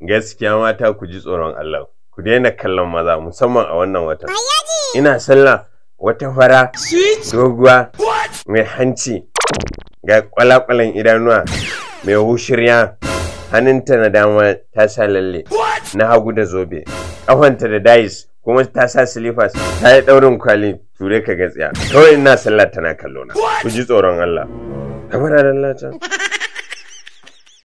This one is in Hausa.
gaskiya mata ku ji tsoron Allah ku daina kallon maza musamman a wannan watan ina sallah wata fara doguwa mai hanci ga kwalakwalan idanuwa mai hushirya hannunta na dama ta sa lalle na hagu da zobe ƙafanta da dais kuma ta sa silifas ta yi ɗaurin kwali ture ka gatsiya kawai ina sallah tana kallona ku ji tsoron Allah kamar Allah can